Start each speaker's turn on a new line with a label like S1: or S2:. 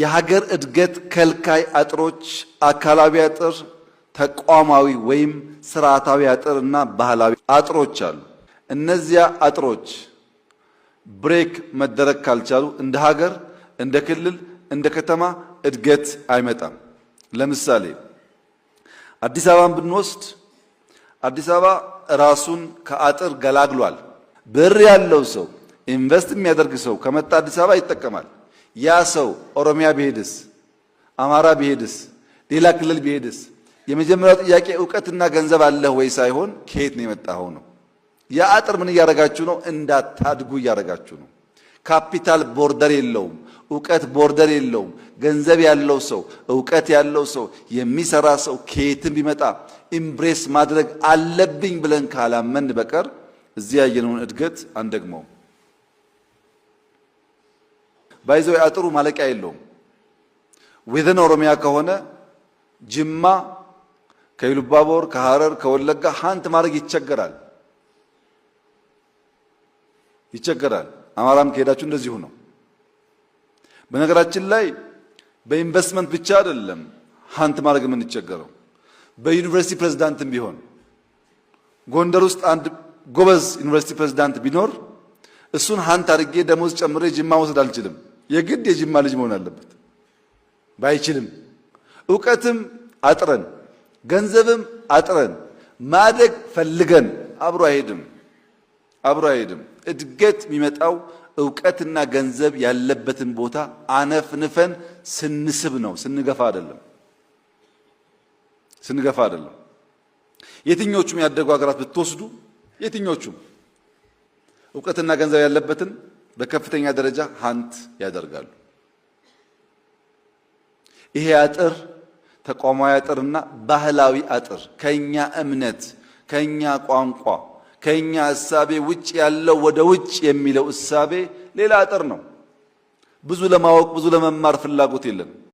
S1: የሀገር እድገት ከልካይ አጥሮች አካላዊ አጥር፣ ተቋማዊ ወይም ስርዓታዊ አጥር እና ባህላዊ አጥሮች አሉ። እነዚያ አጥሮች ብሬክ መደረግ ካልቻሉ እንደ ሀገር፣ እንደ ክልል፣ እንደ ከተማ እድገት አይመጣም። ለምሳሌ አዲስ አበባን ብንወስድ አዲስ አበባ ራሱን ከአጥር ገላግሏል። ብር ያለው ሰው ኢንቨስት የሚያደርግ ሰው ከመጣ አዲስ አበባ ይጠቀማል። ያ ሰው ኦሮሚያ ቢሄድስ፣ አማራ ቢሄድስ፣ ሌላ ክልል ቢሄድስ የመጀመሪያው ጥያቄ እውቀትና ገንዘብ አለህ ወይ ሳይሆን ከየት ነው የመጣኸው ነው። የአጥር ምን እያደረጋችሁ ነው? እንዳታድጉ እያደረጋችሁ ነው። ካፒታል ቦርደር የለውም። እውቀት ቦርደር የለውም። ገንዘብ ያለው ሰው፣ እውቀት ያለው ሰው፣ የሚሰራ ሰው ከየትም ቢመጣ ኢምብሬስ ማድረግ አለብኝ ብለን ካላመን በቀር እዚህ ያየነውን እድገት አንደግመውም። ባይዘው አጥሩ ማለቂያ የለውም። ዌዘን ኦሮሚያ ከሆነ ጅማ ከኢሉባቦር ከሐረር ከወለጋ ሀንት ማድረግ ይቸገራል ይቸገራል። አማራም ከሄዳችሁ እንደዚሁ ነው። በነገራችን ላይ በኢንቨስትመንት ብቻ አይደለም ሀንት ማድረግ የምንቸገረው፣ በዩኒቨርሲቲ ፕሬዝዳንትም ቢሆን ጎንደር ውስጥ አንድ ጎበዝ ዩኒቨርሲቲ ፕሬዝዳንት ቢኖር እሱን ሀንት አድርጌ ደሞዝ ጨምሬ ጅማ መውሰድ አልችልም። የግድ የጅማ ልጅ መሆን አለበት። ባይችልም እውቀትም አጥረን ገንዘብም አጥረን ማደግ ፈልገን አብሮ አይሄድም፣ አብሮ አይሄድም። እድገት የሚመጣው እውቀትና ገንዘብ ያለበትን ቦታ አነፍንፈን ስንስብ ነው፣ ስንገፋ አይደለም፣ ስንገፋ አይደለም። የትኞቹም ያደጉ ሀገራት ብትወስዱ የትኞቹም እውቀትና ገንዘብ ያለበትን በከፍተኛ ደረጃ ሀንት ያደርጋሉ። ይሄ አጥር ተቋማዊ አጥርና ባህላዊ አጥር ከኛ እምነት፣ ከኛ ቋንቋ፣ ከኛ እሳቤ ውጭ ያለው ወደ ውጭ የሚለው እሳቤ ሌላ አጥር ነው። ብዙ ለማወቅ ብዙ ለመማር ፍላጎት የለም።